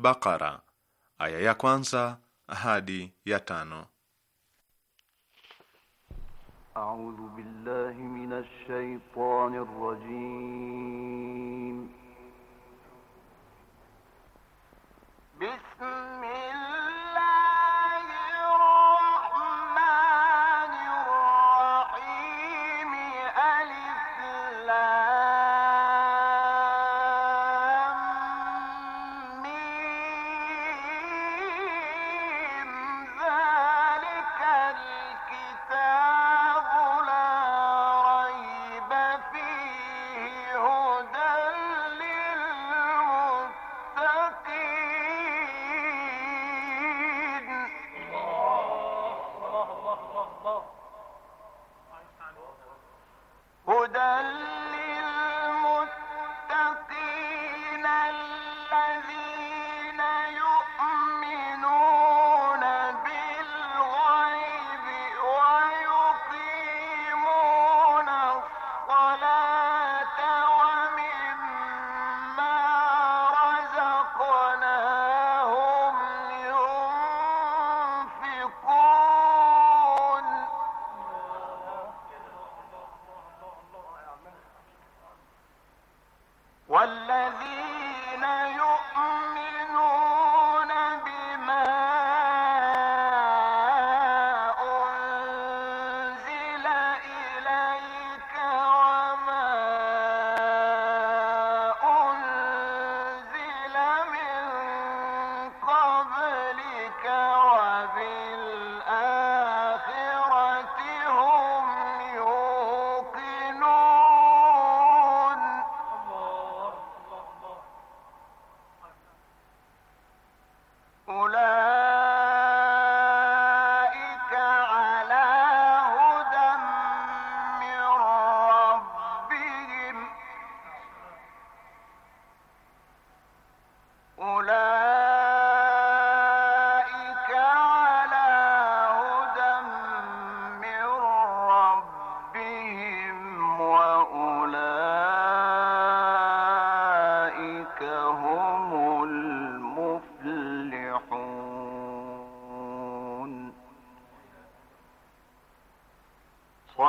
Al-Baqara aya ya kwanza hadi ya tano.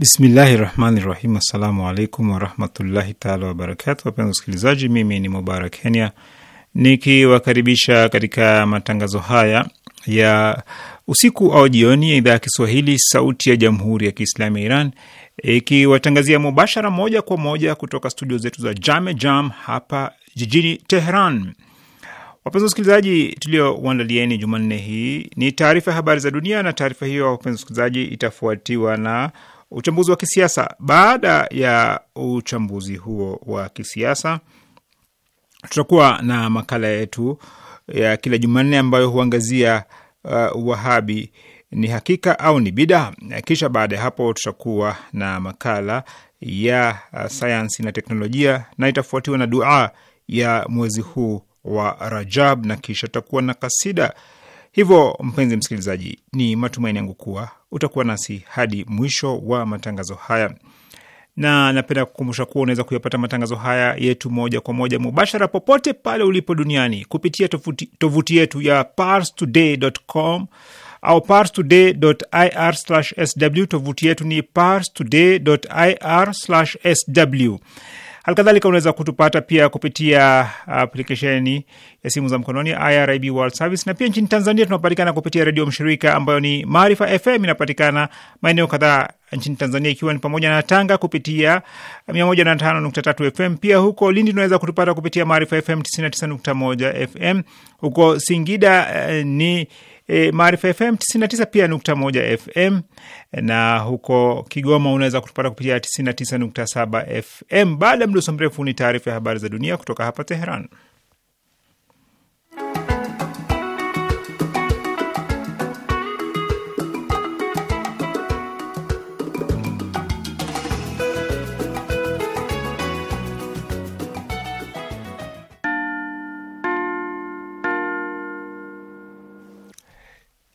Bismillahi rahmani rahim. Assalamu alaikum warahmatullahi taala wabarakatu. Wapenzi wasikilizaji, mimi ni Mubarak Kenya nikiwakaribisha katika matangazo haya ya usiku au jioni ya idhaa ya Kiswahili sauti ya jamhuri ya Kiislamu ya Iran ikiwatangazia mubashara moja kwa moja kutoka studio zetu za Jame Jam hapa jijini Tehran. Wapenzi wasikilizaji, tuliowaandalieni Jumanne hii ni taarifa ya habari za dunia, na taarifa hiyo wapenzi wasikilizaji, itafuatiwa na Uchambuzi wa kisiasa. Baada ya uchambuzi huo wa kisiasa, tutakuwa na makala yetu ya kila Jumanne ambayo huangazia uh, Wahabi ni hakika au ni bidaa. Kisha baada ya hapo tutakuwa na makala ya uh, sayansi na teknolojia, na itafuatiwa na duaa ya mwezi huu wa Rajab, na kisha tutakuwa na kasida Hivyo mpenzi msikilizaji, ni matumaini yangu kuwa utakuwa nasi hadi mwisho wa matangazo haya, na napenda kukumbusha kuwa unaweza kuyapata matangazo haya yetu moja kwa moja mubashara popote pale ulipo duniani kupitia tovuti, tovuti yetu ya parstoday.com au parstoday.ir/sw. Tovuti yetu ni parstoday.ir/sw Halikadhalika unaweza kutupata pia kupitia uh, aplikesheni ya simu za mkononi IRIB World Service, na pia nchini Tanzania tunapatikana kupitia redio mshirika ambayo ni Maarifa FM, inapatikana maeneo kadhaa nchini Tanzania ikiwa ni pamoja na Tanga kupitia 105.3 uh, FM. Pia huko Lindi unaweza kutupata kupitia Maarifa FM 99.1 FM. Huko Singida eh, ni e, Maarifa FM 99 pia nukta moja FM, na huko Kigoma unaweza kutupata kupitia 99.7 FM. Baada ya mdoso mrefu ni taarifa ya habari za dunia kutoka hapa Teheran.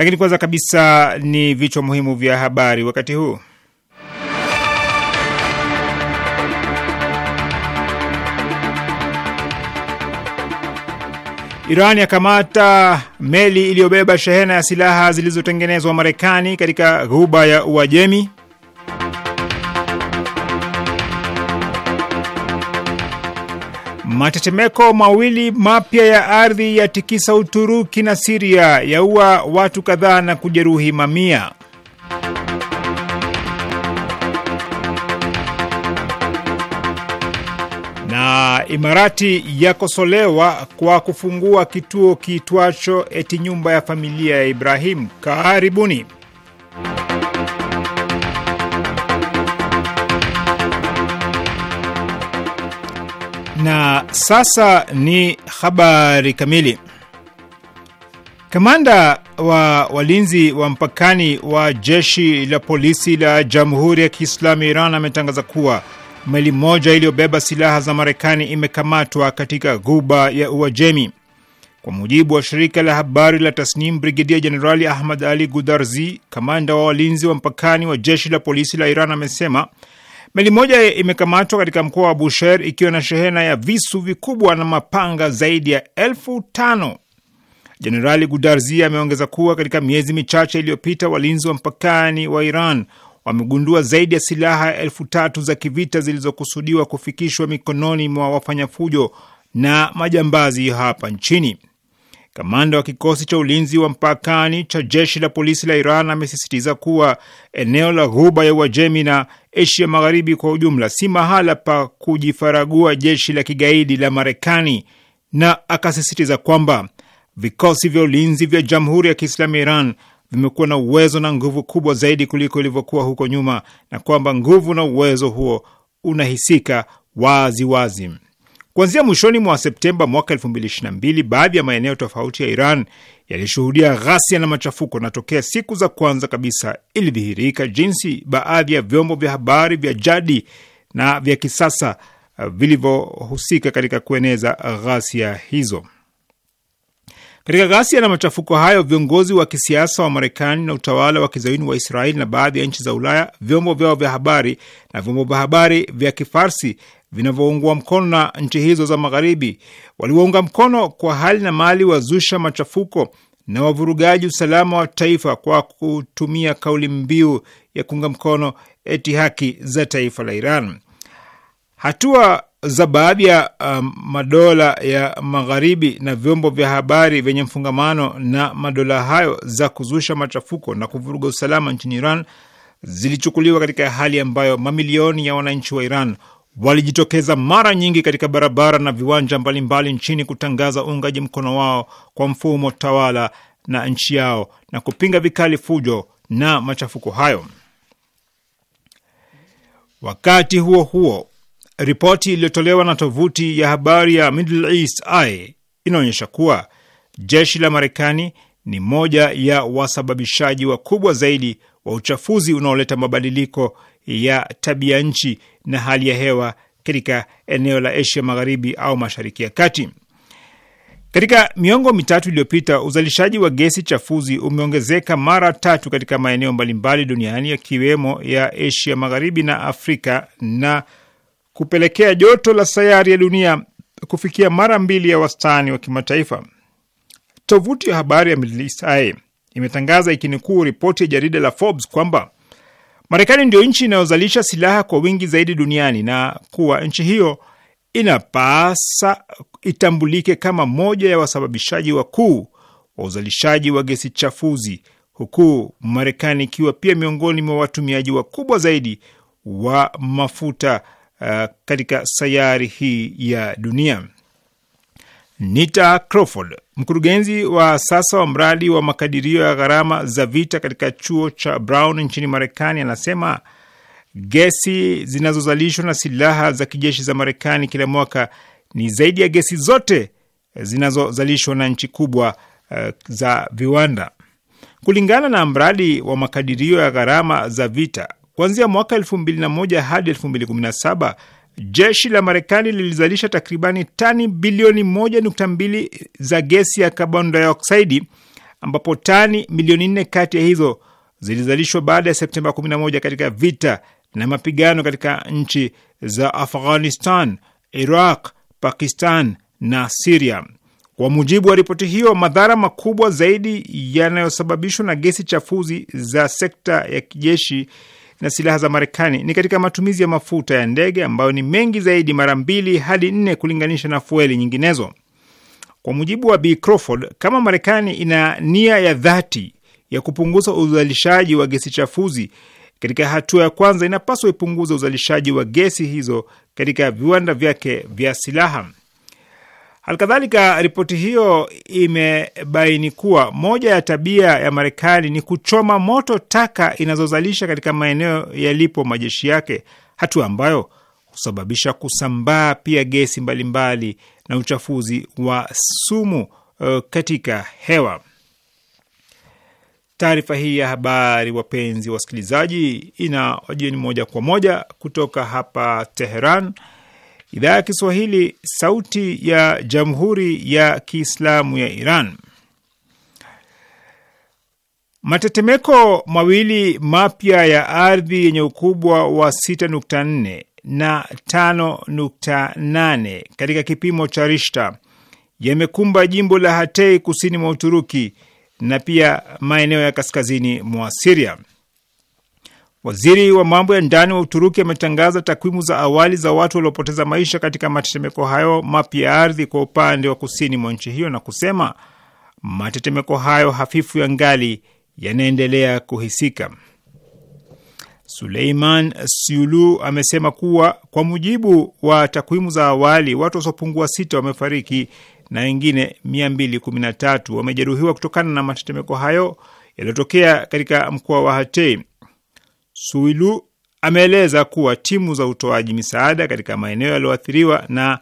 Lakini kwanza kabisa ni vichwa muhimu vya habari wakati huu. Iran yakamata meli iliyobeba shehena ya silaha zilizotengenezwa Marekani katika ghuba ya Uajemi. Matetemeko mawili mapya ya ardhi yatikisa Uturuki na Siria, yaua watu kadhaa na kujeruhi mamia. Na Imarati yakosolewa kwa kufungua kituo kiitwacho eti nyumba ya familia ya Ibrahim. Karibuni. Na sasa ni habari kamili. Kamanda wa walinzi wa mpakani wa jeshi la polisi la Jamhuri ya Kiislamu ya Iran ametangaza kuwa meli moja iliyobeba silaha za Marekani imekamatwa katika ghuba ya Uajemi. Kwa mujibu wa shirika la habari la Tasnim, Brigedia Jenerali Ahmad Ali Gudarzi, kamanda wa walinzi wa mpakani wa jeshi la polisi la Iran, amesema Meli moja imekamatwa katika mkoa wa Bushehr ikiwa na shehena ya visu vikubwa na mapanga zaidi ya elfu tano. Jenerali gudarzi ameongeza kuwa katika miezi michache iliyopita walinzi wa mpakani wa Iran wamegundua zaidi ya silaha elfu tatu za kivita zilizokusudiwa kufikishwa mikononi mwa wafanyafujo na majambazi hapa nchini. Kamanda wa kikosi cha ulinzi wa mpakani cha jeshi la polisi la Iran amesisitiza kuwa eneo la Ghuba ya Uajemi na Asia Magharibi kwa ujumla si mahala pa kujifaragua jeshi la kigaidi la Marekani, na akasisitiza kwamba vikosi vya ulinzi vya Jamhuri ya Kiislamu ya Iran vimekuwa na uwezo na nguvu kubwa zaidi kuliko ilivyokuwa huko nyuma, na kwamba nguvu na uwezo huo unahisika wazi wazi. Kuanzia mwishoni mwa Septemba mwaka 2022 baadhi ya maeneo tofauti ya Iran yalishuhudia ghasia na machafuko, na tokea siku za kwanza kabisa ilidhihirika jinsi baadhi ya vyombo vya habari vya jadi na vya kisasa uh, vilivyohusika katika kueneza ghasia hizo. Katika ghasia na machafuko hayo, viongozi wa kisiasa wa Marekani na utawala wa kizayuni wa Israeli na baadhi ya nchi za Ulaya, vyombo vyao vya habari na vyombo vya habari vya Kifarsi vinavyoungwa mkono na nchi hizo za Magharibi. Waliwaunga mkono kwa hali na mali wazusha machafuko na wavurugaji usalama wa taifa kwa kutumia kauli mbiu ya kuunga mkono eti haki za taifa la Iran. Hatua za baadhi ya um, madola ya Magharibi na vyombo vya habari vyenye mfungamano na madola hayo za kuzusha machafuko na kuvuruga usalama nchini Iran zilichukuliwa katika hali ambayo mamilioni ya wananchi wa Iran walijitokeza mara nyingi katika barabara na viwanja mbalimbali nchini kutangaza uungaji mkono wao kwa mfumo tawala na nchi yao na kupinga vikali fujo na machafuko hayo. Wakati huo huo, ripoti iliyotolewa na tovuti ya habari ya Middle East Eye inaonyesha kuwa jeshi la Marekani ni moja ya wasababishaji wakubwa zaidi wa uchafuzi unaoleta mabadiliko ya tabia nchi na hali ya hewa katika eneo la Asia Magharibi au Mashariki ya Kati. Katika miongo mitatu iliyopita, uzalishaji wa gesi chafuzi umeongezeka mara tatu katika maeneo mbalimbali duniani yakiwemo ya Asia Magharibi na Afrika na kupelekea joto la sayari ya dunia kufikia mara mbili ya wastani wa kimataifa. Tovuti ya habari ya Middle East Eye imetangaza ikinukuu ripoti ya jarida la Forbes kwamba Marekani ndio nchi inayozalisha silaha kwa wingi zaidi duniani na kuwa nchi hiyo inapasa itambulike kama moja ya wasababishaji wakuu wa uzalishaji wa gesi chafuzi, huku Marekani ikiwa pia miongoni mwa watumiaji wakubwa zaidi wa mafuta uh, katika sayari hii ya dunia. Nita Crawford, mkurugenzi wa sasa wa mradi wa makadirio ya gharama za vita katika chuo cha Brown nchini Marekani, anasema gesi zinazozalishwa na silaha za kijeshi za Marekani kila mwaka ni zaidi ya gesi zote zinazozalishwa na nchi kubwa uh, za viwanda. Kulingana na mradi wa makadirio ya gharama za vita, kuanzia mwaka 2001 hadi 2017 jeshi la Marekani lilizalisha takribani tani bilioni moja nukta mbili za gesi ya carbon dioxide ambapo tani milioni nne kati ya hizo zilizalishwa baada ya Septemba 11 katika vita na mapigano katika nchi za Afghanistan, Iraq, Pakistan na Siria. Kwa mujibu wa ripoti hiyo, madhara makubwa zaidi yanayosababishwa na gesi chafuzi za sekta ya kijeshi na silaha za Marekani ni katika matumizi ya mafuta ya ndege ambayo ni mengi zaidi mara mbili hadi nne kulinganisha na fueli nyinginezo. Kwa mujibu wa B Crawford, kama Marekani ina nia ya dhati ya kupunguza uzalishaji wa gesi chafuzi, katika hatua ya kwanza inapaswa ipunguza uzalishaji wa gesi hizo katika viwanda vyake vya silaha. Alkadhalika, ripoti hiyo imebaini kuwa moja ya tabia ya Marekani ni kuchoma moto taka inazozalisha katika maeneo yalipo majeshi yake, hatua ambayo husababisha kusambaa pia gesi mbalimbali mbali na uchafuzi wa sumu uh, katika hewa. Taarifa hii ya habari, wapenzi wasikilizaji, ina wajieni moja kwa moja kutoka hapa Teheran idhaa ya Kiswahili, sauti ya jamhuri ya kiislamu ya Iran. Matetemeko mawili mapya ya ardhi yenye ukubwa wa 6.4 na 5.8 katika kipimo cha Rishta yamekumba jimbo la hatei kusini mwa Uturuki na pia maeneo ya kaskazini mwa Siria. Waziri wa mambo ya ndani wa Uturuki ametangaza takwimu za awali za watu waliopoteza maisha katika matetemeko hayo mapya ya ardhi kwa upande wa kusini mwa nchi hiyo na kusema matetemeko hayo hafifu ya ngali yanaendelea kuhisika. Suleiman Siulu amesema kuwa kwa mujibu wa takwimu za awali watu wasiopungua sita wamefariki na wengine 213 wamejeruhiwa kutokana na matetemeko hayo yaliyotokea katika mkoa wa Hatay. Suilu ameeleza kuwa timu za utoaji misaada katika maeneo yaliyoathiriwa na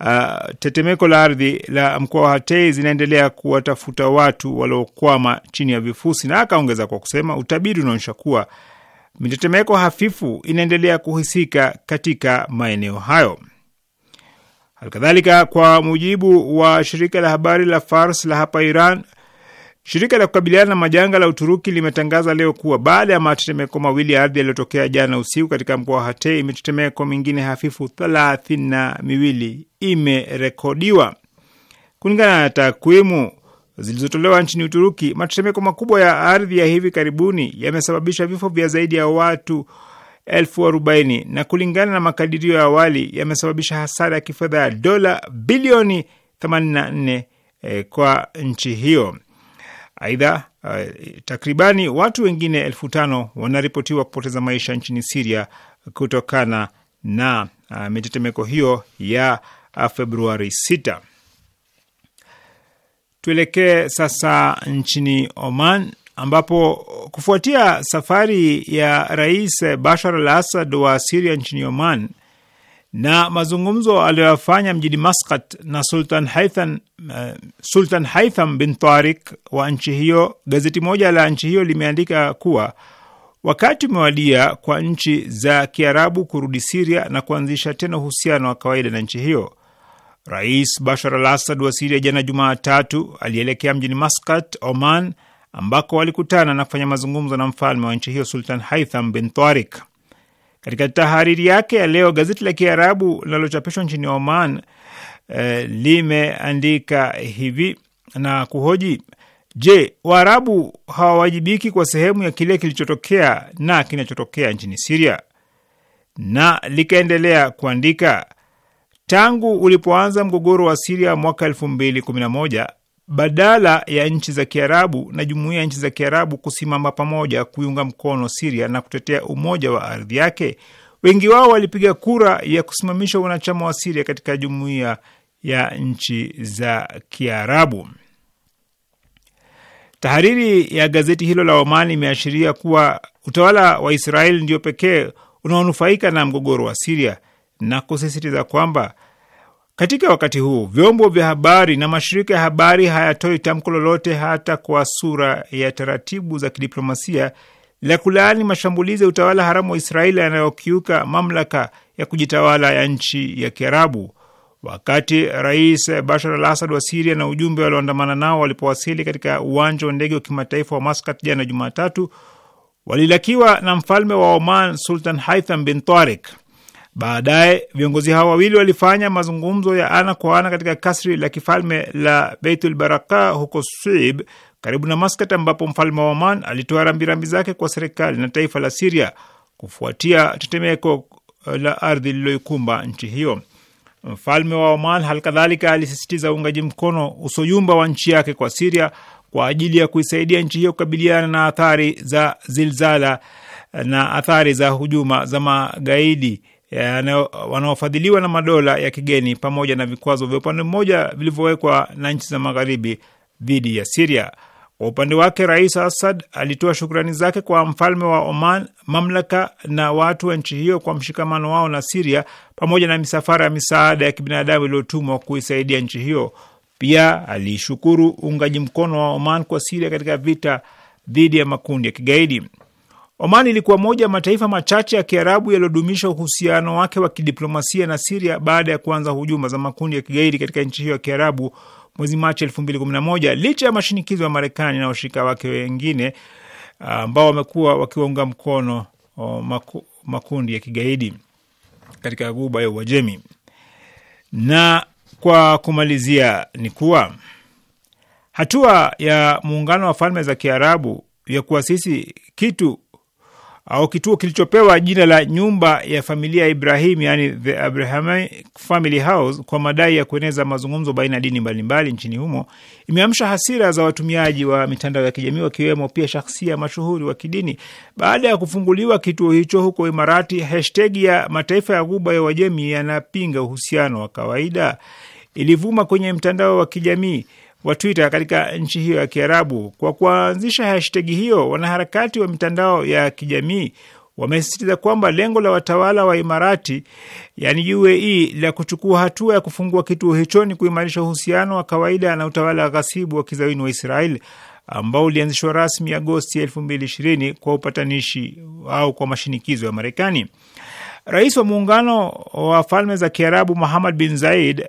uh, tetemeko la ardhi la mkoa wa hatei zinaendelea kuwatafuta watu waliokwama chini ya vifusi, na akaongeza kwa kusema utabiri unaonyesha kuwa mitetemeko hafifu inaendelea kuhisika katika maeneo hayo. Halikadhalika, kwa mujibu wa shirika la habari la Fars la hapa Iran, Shirika la kukabiliana na majanga la Uturuki limetangaza leo kuwa baada ya matetemeko mawili ya ardhi yaliyotokea jana usiku katika mkoa wa Hatay, mitetemeko mingine hafifu thelathini na miwili imerekodiwa. Kulingana na takwimu zilizotolewa nchini Uturuki, matetemeko makubwa ya ardhi ya hivi karibuni yamesababisha vifo vya zaidi ya watu elfu arobaini na kulingana na makadirio ya awali yamesababisha hasara ya kifedha ya dola bilioni 84 eh, kwa nchi hiyo. Aidha, uh, takribani watu wengine elfu tano wanaripotiwa kupoteza maisha nchini Siria kutokana na uh, mitetemeko hiyo ya uh, Februari 6. Tuelekee sasa nchini Oman ambapo kufuatia safari ya Rais Bashar al Assad wa Siria nchini Oman na mazungumzo aliyoyafanya mjini Maskat na Sultan Haitham, uh, eh, Sultan Haitham bin Tarik wa nchi hiyo. Gazeti moja la nchi hiyo limeandika kuwa wakati umewadia kwa nchi za Kiarabu kurudi Siria na kuanzisha tena uhusiano wa kawaida na nchi hiyo. Rais Bashar al Assad wa Siria jana Jumatatu alielekea mjini Maskat, Oman, ambako walikutana na kufanya mazungumzo na mfalme wa nchi hiyo Sultan Haitham bin Tarik. Katika tahariri yake ya leo, gazeti la Kiarabu linalochapishwa nchini Oman eh, limeandika hivi na kuhoji: Je, Waarabu hawawajibiki kwa sehemu ya kile kilichotokea na kinachotokea nchini Siria? Na likaendelea kuandika, tangu ulipoanza mgogoro wa Siria mwaka elfu mbili kumi na moja badala ya nchi za Kiarabu na jumuiya ya nchi za Kiarabu kusimama pamoja kuiunga mkono Siria na kutetea umoja wa ardhi yake. Wengi wao walipiga kura ya kusimamisha wanachama wa Siria katika jumuiya ya nchi za Kiarabu. Tahariri ya gazeti hilo la Oman imeashiria kuwa utawala wa Israeli ndio pekee unaonufaika na mgogoro wa Siria na kusisitiza kwamba katika wakati huu vyombo vya habari na mashirika ya habari hayatoi tamko lolote hata kwa sura ya taratibu za kidiplomasia la kulaani mashambulizi ya utawala haramu wa Israeli yanayokiuka mamlaka ya kujitawala ya nchi ya Kiarabu. Wakati Rais Bashar al Assad wa Siria na ujumbe walioandamana nao walipowasili katika uwanja wa ndege wa kimataifa wa Maskat jana Jumatatu, walilakiwa na mfalme wa Oman Sultan Haitham bin Tarik. Baadaye viongozi hao wawili walifanya mazungumzo ya ana kwa ana katika kasri la kifalme la Beitul Baraka huko Swib karibu na Maskat, ambapo mfalme wa Oman alitoa rambirambi zake kwa serikali na taifa la Siria kufuatia tetemeko eh, la ardhi lililoikumba nchi hiyo. Mfalme wa Oman halikadhalika alisisitiza uungaji mkono usoyumba wa nchi yake kwa Siria kwa ajili ya kuisaidia nchi hiyo kukabiliana na athari za zilzala eh, na athari za hujuma za magaidi wanaofadhiliwa na madola ya kigeni pamoja na vikwazo vya upande mmoja vilivyowekwa na nchi za magharibi dhidi ya Siria. Kwa upande wake, Rais Assad alitoa shukrani zake kwa mfalme wa Oman, mamlaka na watu wa nchi hiyo kwa mshikamano wao na Siria pamoja na misafara ya misaada ya kibinadamu iliyotumwa kuisaidia nchi hiyo. Pia alishukuru uungaji mkono wa Oman kwa Siria katika vita dhidi ya makundi ya kigaidi. Oman ilikuwa moja ya mataifa machache ya Kiarabu yaliyodumisha uhusiano wake wa kidiplomasia na Siria baada ya kuanza hujuma za makundi ya kigaidi katika nchi hiyo ya Kiarabu mwezi Machi 2011 licha ya mashinikizo ya Marekani na washirika wake wengine uh, ambao wamekuwa wakiwaunga mkono o, uh, maku, makundi ya kigaidi katika Ghuba ya Uajemi. Na kwa kumalizia ni kuwa hatua ya Muungano wa Falme za Kiarabu ya kuasisi kitu au kituo kilichopewa jina la nyumba ya familia ya Ibrahim, yani the Abrahamic Family House, kwa madai ya kueneza mazungumzo baina ya dini mbalimbali nchini humo, imeamsha hasira za watumiaji wa mitandao ya kijamii wakiwemo pia shahsia mashuhuri wa kidini. Baada ya kufunguliwa kituo hicho huko Imarati, hashtag ya mataifa ya Ghuba ya Uajemi yanapinga uhusiano wa kawaida ilivuma kwenye mtandao wa kijamii wa Twitter katika nchi hiyo ya Kiarabu. Kwa kuanzisha hashtegi hiyo, wanaharakati wa mitandao ya kijamii wamesisitiza kwamba lengo la watawala wa Imarati yani UAE la kuchukua hatua ya kufungua kituo hicho ni kuimarisha uhusiano wa kawaida na utawala wa ghasibu wa kizawini wa israel ambao ulianzishwa rasmi Agosti 2020 kwa upatanishi au kwa mashinikizo ya Marekani. Rais wa Muungano wa Falme za Kiarabu Muhammad bin Zaid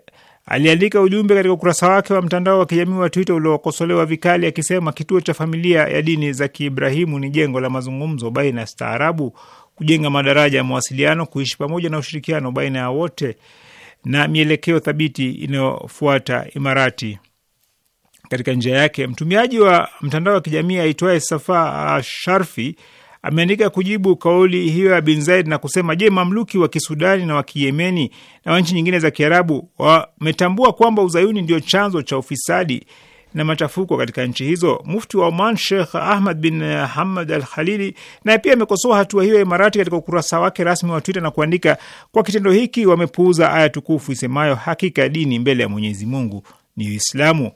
aliandika ujumbe katika ukurasa wake wa mtandao wa kijamii wa Twitter uliokosolewa vikali akisema kituo cha familia ya dini za Kiibrahimu ni jengo la mazungumzo baina ya staarabu, kujenga madaraja ya mawasiliano, kuishi pamoja na ushirikiano baina ya wote na mielekeo thabiti inayofuata imarati katika njia yake. Mtumiaji wa mtandao wa kijamii aitwaye Safa Sharfi ameandika kujibu kauli hiyo ya Bin Zaid na kusema, je, mamluki wa Kisudani na wa Kiyemeni na wa nchi nyingine za Kiarabu wametambua kwamba uzayuni ndio chanzo cha ufisadi na machafuko katika nchi hizo. Mufti wa Oman Sheikh Ahmad bin Hamad Al Khalili naye pia amekosoa hatua hiyo ya Imarati katika ukurasa wake rasmi wa Twitter na kuandika, kwa kitendo hiki wamepuuza aya tukufu isemayo, hakika dini mbele ya Mwenyezi Mungu ni Uislamu.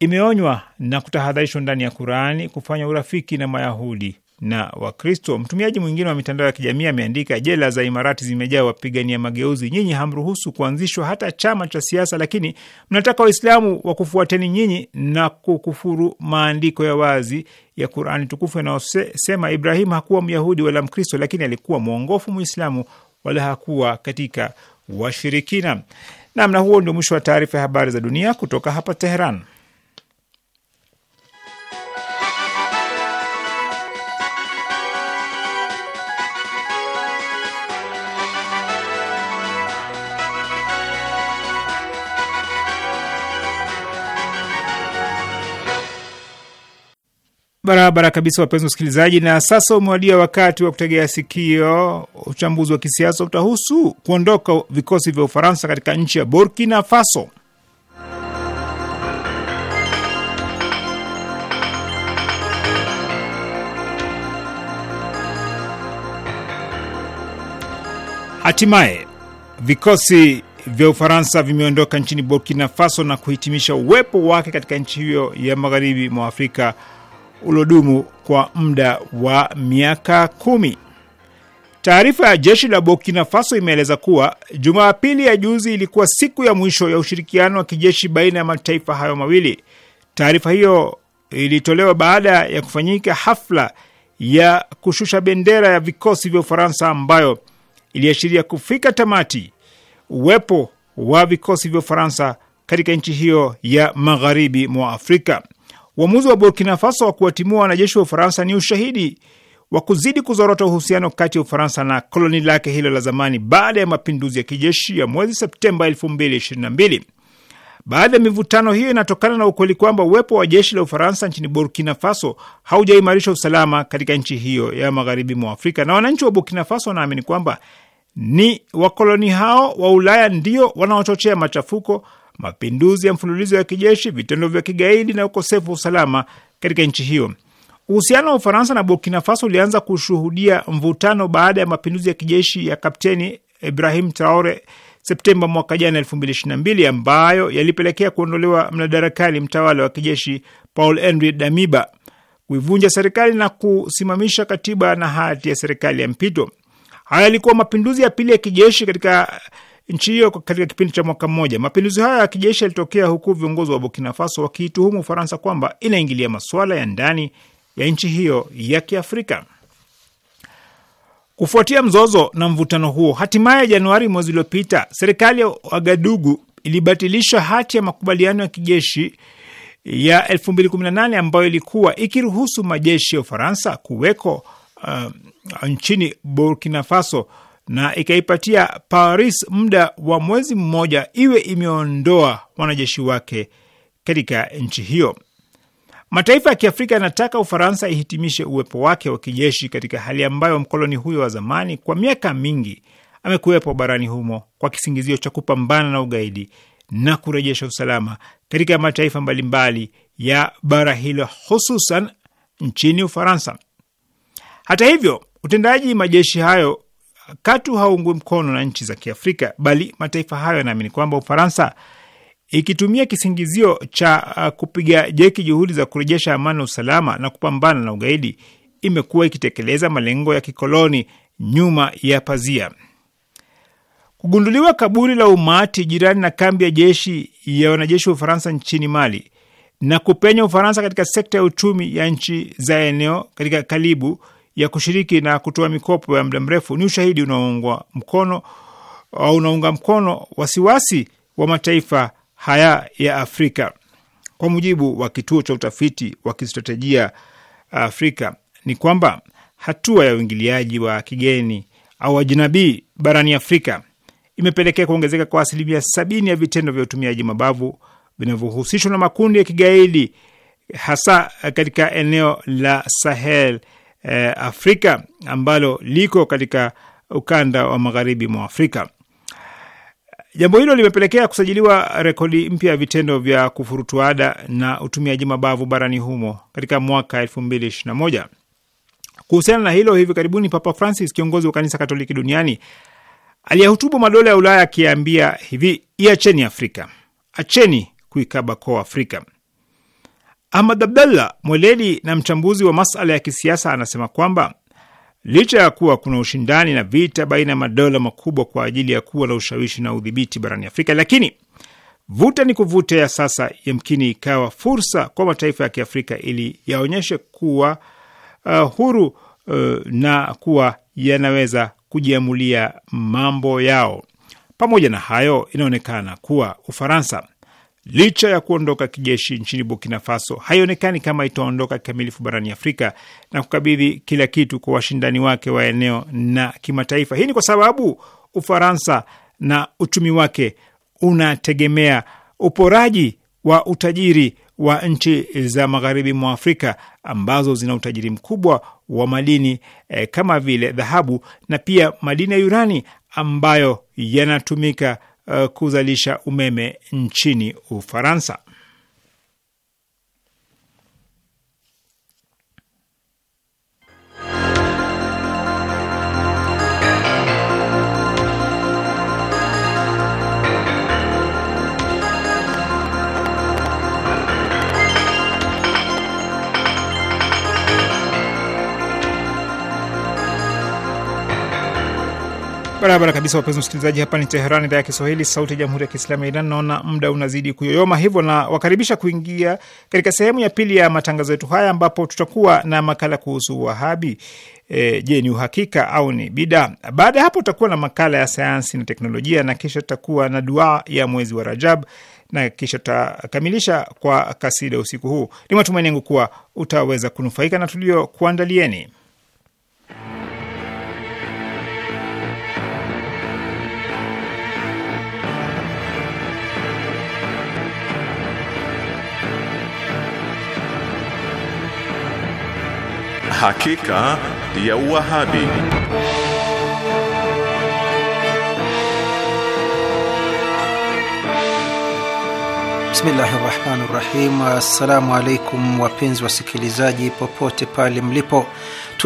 Imeonywa na kutahadharishwa ndani ya Qurani kufanya urafiki na Mayahudi na Wakristo. Mtumiaji mwingine wa mitandao ya kijamii ameandika, jela za Imarati zimejaa wapigania mageuzi. Nyinyi hamruhusu kuanzishwa hata chama cha siasa, lakini mnataka Waislamu wakufuateni nyinyi na kukufuru maandiko ya wazi ya Qurani tukufu yanayosema Ibrahimu hakuwa Myahudi wala Mkristo, lakini alikuwa mwongofu Mwislamu, wala hakuwa katika washirikina. Namna huo ndio mwisho wa taarifa ya habari za dunia kutoka hapa Teheran. Barabara kabisa, wapenzi wasikilizaji, na sasa umewadia wakati wa kutegea sikio. Uchambuzi wa kisiasa utahusu kuondoka vikosi vya Ufaransa katika nchi ya Burkina Faso. Hatimaye vikosi vya Ufaransa vimeondoka nchini Burkina Faso na kuhitimisha uwepo wake katika nchi hiyo ya magharibi mwa Afrika uliodumu kwa muda wa miaka kumi. Taarifa ya jeshi la Burkina Faso imeeleza kuwa Jumapili ya juzi ilikuwa siku ya mwisho ya ushirikiano wa kijeshi baina ya mataifa hayo mawili. Taarifa hiyo ilitolewa baada ya kufanyika hafla ya kushusha bendera ya vikosi vya Ufaransa ambayo iliashiria kufika tamati uwepo wa vikosi vya Ufaransa katika nchi hiyo ya magharibi mwa Afrika. Uamuzi wa Burkina Faso wa kuwatimua wanajeshi wa Ufaransa ni ushahidi wa kuzidi kuzorota uhusiano kati ya Ufaransa na koloni lake hilo la zamani baada ya mapinduzi ya kijeshi ya mwezi Septemba 2022. Baadhi ya mivutano hiyo inatokana na ukweli kwamba uwepo wa jeshi la Ufaransa nchini Burkina Faso haujaimarisha usalama katika nchi hiyo ya magharibi mwa Afrika, na wananchi wa Burkina Faso wanaamini kwamba ni wakoloni hao wa Ulaya ndio wanaochochea machafuko mapinduzi ya mfululizo ya kijeshi, vitendo vya kigaidi na ukosefu wa usalama katika nchi hiyo. Uhusiano wa Ufaransa na Burkina Faso ulianza kushuhudia mvutano baada ya mapinduzi ya kijeshi ya Kapteni Ibrahim Traore Septemba mwaka jana 2022 ambayo yalipelekea kuondolewa madarakani mtawala wa kijeshi Paul Henri Damiba, kuivunja serikali na kusimamisha katiba na hati ya serikali ya mpito. Haya yalikuwa mapinduzi ya pili ya kijeshi katika nchi hiyo katika kipindi cha mwaka mmoja. Mapinduzi hayo ya kijeshi yalitokea huku viongozi wa Burkina Faso wakiituhumu Ufaransa kwamba inaingilia masuala ya ndani ya nchi hiyo ya Kiafrika. Kufuatia mzozo na mvutano huo, hatimaye Januari mwezi uliopita, serikali ya Wagadugu ilibatilisha hati ya makubaliano ya kijeshi ya 2018 ambayo ilikuwa ikiruhusu majeshi ya Ufaransa kuweko uh, nchini Burkina Faso na ikaipatia Paris muda wa mwezi mmoja iwe imeondoa wanajeshi wake katika nchi hiyo. Mataifa ya Kiafrika yanataka Ufaransa ihitimishe uwepo wake wa kijeshi katika hali ambayo mkoloni huyo wa zamani kwa miaka mingi amekuwepo barani humo kwa kisingizio cha kupambana na ugaidi na kurejesha usalama katika mataifa mbalimbali ya bara hilo, hususan nchini Ufaransa. Hata hivyo, utendaji majeshi hayo katu haungwi mkono na nchi za Kiafrika, bali mataifa hayo yanaamini kwamba Ufaransa ikitumia kisingizio cha uh, kupiga jeki juhudi za kurejesha amani na usalama na kupambana na ugaidi imekuwa ikitekeleza malengo ya kikoloni nyuma ya pazia. Kugunduliwa kaburi la umati jirani na kambi ya jeshi ya wanajeshi wa Ufaransa nchini Mali na kupenya Ufaransa katika sekta ya uchumi ya nchi za eneo katika kalibu ya kushiriki na kutoa mikopo ya muda mrefu ni ushahidi unaoungwa mkono au unaunga mkono wasiwasi wa mataifa haya ya Afrika. Kwa mujibu wa kituo cha utafiti wa kistratejia Afrika, ni kwamba hatua ya uingiliaji wa kigeni au wajinabii barani Afrika imepelekea kuongezeka kwa asilimia sabini ya vitendo vya utumiaji mabavu vinavyohusishwa na makundi ya kigaidi hasa katika eneo la Sahel eh, Afrika ambalo liko katika ukanda wa magharibi mwa Afrika. Jambo hilo limepelekea kusajiliwa rekodi mpya ya vitendo vya kufurutuada na utumiaji mabavu barani humo katika mwaka 2021. Kuhusiana na hilo, hivi karibuni Papa Francis, kiongozi wa kanisa Katoliki duniani, aliyehutubu madola ya Ulaya akiambia hivi: iacheni Afrika, acheni kuikaba koo Afrika. Ahmad Abdallah, mweledi na mchambuzi wa masala ya kisiasa, anasema kwamba licha ya kuwa kuna ushindani na vita baina ya madola makubwa kwa ajili ya kuwa na ushawishi na udhibiti barani Afrika, lakini vuta ni kuvuta ya sasa yamkini ikawa fursa kwa mataifa ya Kiafrika ili yaonyeshe kuwa uh, huru uh, na kuwa yanaweza kujiamulia mambo yao. Pamoja na hayo, inaonekana kuwa Ufaransa licha ya kuondoka kijeshi nchini Burkina Faso, haionekani kama itaondoka kikamilifu barani Afrika na kukabidhi kila kitu kwa washindani wake wa eneo na kimataifa. Hii ni kwa sababu Ufaransa na uchumi wake unategemea uporaji wa utajiri wa nchi za magharibi mwa Afrika ambazo zina utajiri mkubwa wa madini eh, kama vile dhahabu na pia madini ya urani ambayo yanatumika Eh, kuzalisha umeme nchini Ufaransa. Barabara kabisa, wapenzi msikilizaji, hapa ni Teheran, idhaa ya Kiswahili, sauti ya jamhuri ya kiislamu ya Iran. Naona muda unazidi kuyoyoma, hivyo na wakaribisha kuingia katika sehemu ya pili ya matangazo yetu haya, ambapo tutakuwa na makala kuhusu Wahabi. E, je, ni uhakika au ni bidaa? Baada ya hapo, tutakuwa na makala ya sayansi na teknolojia, na kisha tutakuwa na dua ya mwezi wa Rajab, na kisha tutakamilisha kwa kasida usiku huu. Ni matumaini yangu kuwa utaweza kunufaika na tuliokuandalieni. hakika ya Uwahabi. Bismillahi rahmani rahim. Assalamu alaikum wapenzi wasikilizaji, popote pale mlipo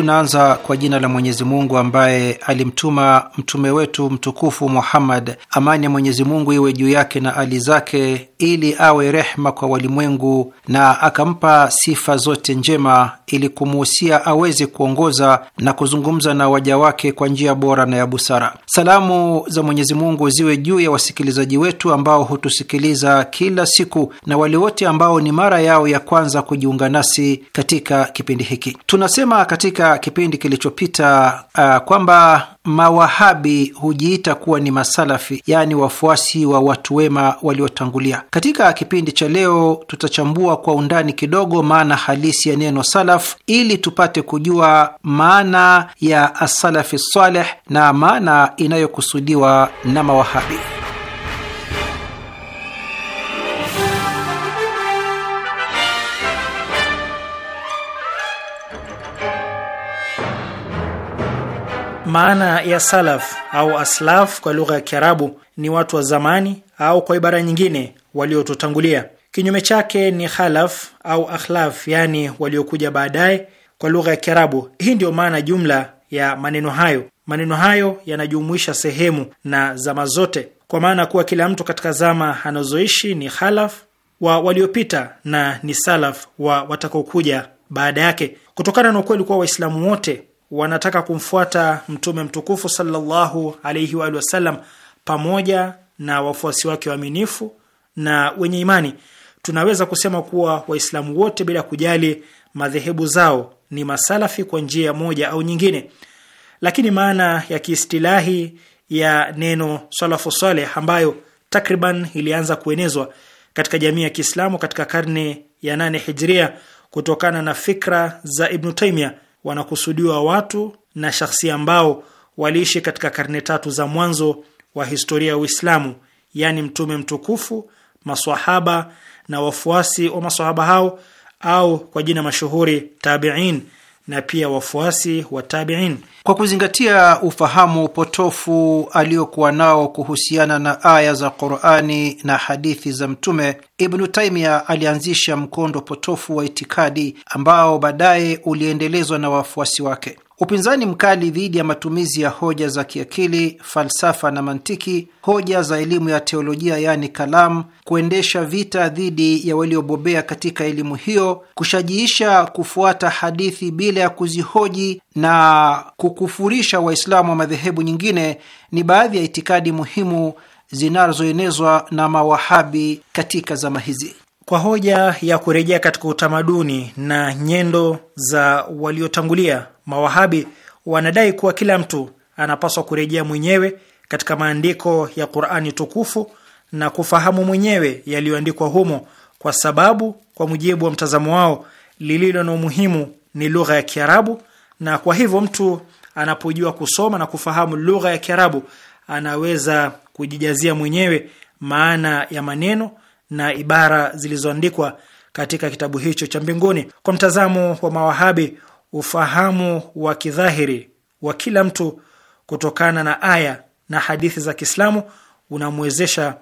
tunaanza kwa jina la Mwenyezi Mungu ambaye alimtuma mtume wetu mtukufu Muhammad, amani ya Mwenyezi Mungu iwe juu yake na ali zake, ili awe rehma kwa walimwengu, na akampa sifa zote njema ili kumuhusia aweze kuongoza na kuzungumza na waja wake kwa njia bora na ya busara. Salamu za Mwenyezi Mungu ziwe juu ya wasikilizaji wetu ambao hutusikiliza kila siku na wale wote ambao ni mara yao ya kwanza kujiunga nasi katika kipindi hiki. Tunasema katika kipindi kilichopita uh, kwamba mawahabi hujiita kuwa ni masalafi, yaani wafuasi wa watu wema waliotangulia. Katika kipindi cha leo, tutachambua kwa undani kidogo maana halisi ya neno salaf, ili tupate kujua maana ya asalafi saleh na maana inayokusudiwa na mawahabi. Maana ya salaf au aslaf kwa lugha ya Kiarabu ni watu wa zamani au kwa ibara nyingine waliotutangulia. Kinyume chake ni khalaf au akhlaf, yaani waliokuja baadaye kwa lugha ya Kiarabu. Hii ndiyo maana jumla ya maneno hayo. Maneno hayo yanajumuisha sehemu na zama zote, kwa maana kuwa kila mtu katika zama anazoishi ni khalaf wa waliopita na ni salaf wa watakaokuja baada yake, kutokana na ukweli kuwa Waislamu wote wanataka kumfuata mtume mtukufu sallallahu alaihi wa sallam pamoja na wafuasi wake waaminifu na wenye imani. Tunaweza kusema kuwa Waislamu wote bila kujali madhehebu zao ni masalafi kwa njia moja au nyingine, lakini maana ya kiistilahi ya neno salafu saleh ambayo takriban ilianza kuenezwa katika jamii ya Kiislamu katika karne ya nane hijria kutokana na fikra za Ibnu Taimia wanakusudiwa watu na shakhsia ambao waliishi katika karne tatu za mwanzo wa historia ya Uislamu, yaani Mtume mtukufu, maswahaba na wafuasi wa maswahaba hao, au kwa jina mashuhuri tabiin na pia wafuasi wa tabiin. Kwa kuzingatia ufahamu potofu aliokuwa nao kuhusiana na aya za Qurani na hadithi za Mtume, Ibnu Taimia alianzisha mkondo potofu wa itikadi ambao baadaye uliendelezwa na wafuasi wake. Upinzani mkali dhidi ya matumizi ya hoja za kiakili, falsafa na mantiki, hoja za elimu ya teolojia yaani kalam, kuendesha vita dhidi ya waliobobea katika elimu hiyo, kushajiisha kufuata hadithi bila ya kuzihoji na kukufurisha Waislamu wa madhehebu nyingine ni baadhi ya itikadi muhimu zinazoenezwa na mawahabi katika zama hizi kwa hoja ya kurejea katika utamaduni na nyendo za waliotangulia, mawahabi wanadai kuwa kila mtu anapaswa kurejea mwenyewe katika maandiko ya Qur'ani tukufu na kufahamu mwenyewe yaliyoandikwa humo, kwa sababu kwa mujibu wa mtazamo wao, lililo na umuhimu ni lugha ya Kiarabu, na kwa hivyo mtu anapojua kusoma na kufahamu lugha ya Kiarabu anaweza kujijazia mwenyewe maana ya maneno na ibara zilizoandikwa katika kitabu hicho cha mbinguni. Kwa mtazamo wa mawahabi, ufahamu wa kidhahiri wa kila mtu kutokana na aya na hadithi za Kiislamu unamwezesha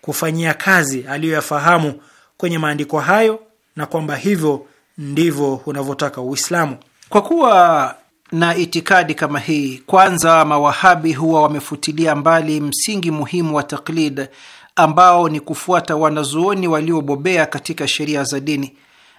kufanyia kazi aliyoyafahamu kwenye maandiko hayo, na kwamba hivyo ndivyo unavyotaka Uislamu. Kwa kuwa na itikadi kama hii, kwanza mawahabi huwa wamefutilia mbali msingi muhimu wa taklid ambao ni kufuata wanazuoni waliobobea katika sheria za dini,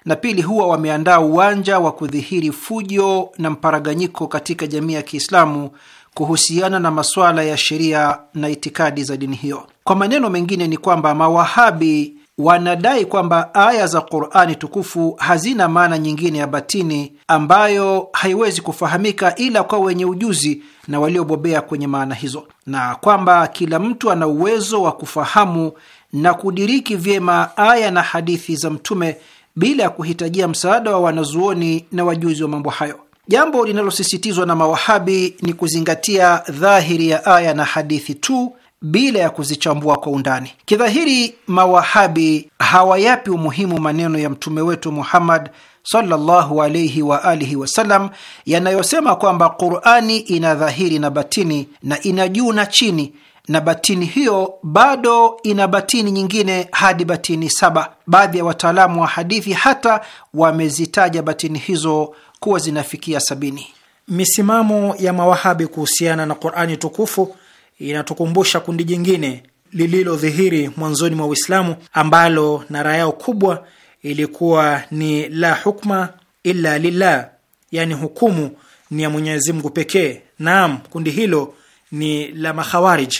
na pili, huwa wameandaa uwanja wa kudhihiri fujo na mparaganyiko katika jamii ya Kiislamu kuhusiana na masuala ya sheria na itikadi za dini hiyo. Kwa maneno mengine, ni kwamba mawahabi wanadai kwamba aya za Qur'ani tukufu hazina maana nyingine ya batini ambayo haiwezi kufahamika ila kwa wenye ujuzi na waliobobea kwenye maana hizo, na kwamba kila mtu ana uwezo wa kufahamu na kudiriki vyema aya na hadithi za Mtume bila ya kuhitajia msaada wa wanazuoni na wajuzi wa mambo hayo. Jambo linalosisitizwa na mawahabi ni kuzingatia dhahiri ya aya na hadithi tu bila ya kuzichambua kwa undani. Kidhahiri, mawahabi hawayapi umuhimu maneno ya mtume wetu Muhammad sallallahu alayhi wa alihi wasallam yanayosema kwamba Qurani ina dhahiri na batini na ina juu na chini na batini hiyo bado ina batini nyingine hadi batini saba. Baadhi ya wataalamu wa hadithi hata wamezitaja batini hizo kuwa zinafikia sabini. Misimamo ya mawahabi kuhusiana na Qurani tukufu inatukumbusha kundi jingine lililodhihiri mwanzoni mwa Uislamu ambalo nara yao kubwa ilikuwa ni la hukma illa lillah, yani hukumu ni ya Mwenyezi Mungu pekee. Naam, kundi hilo ni la Makhawarij.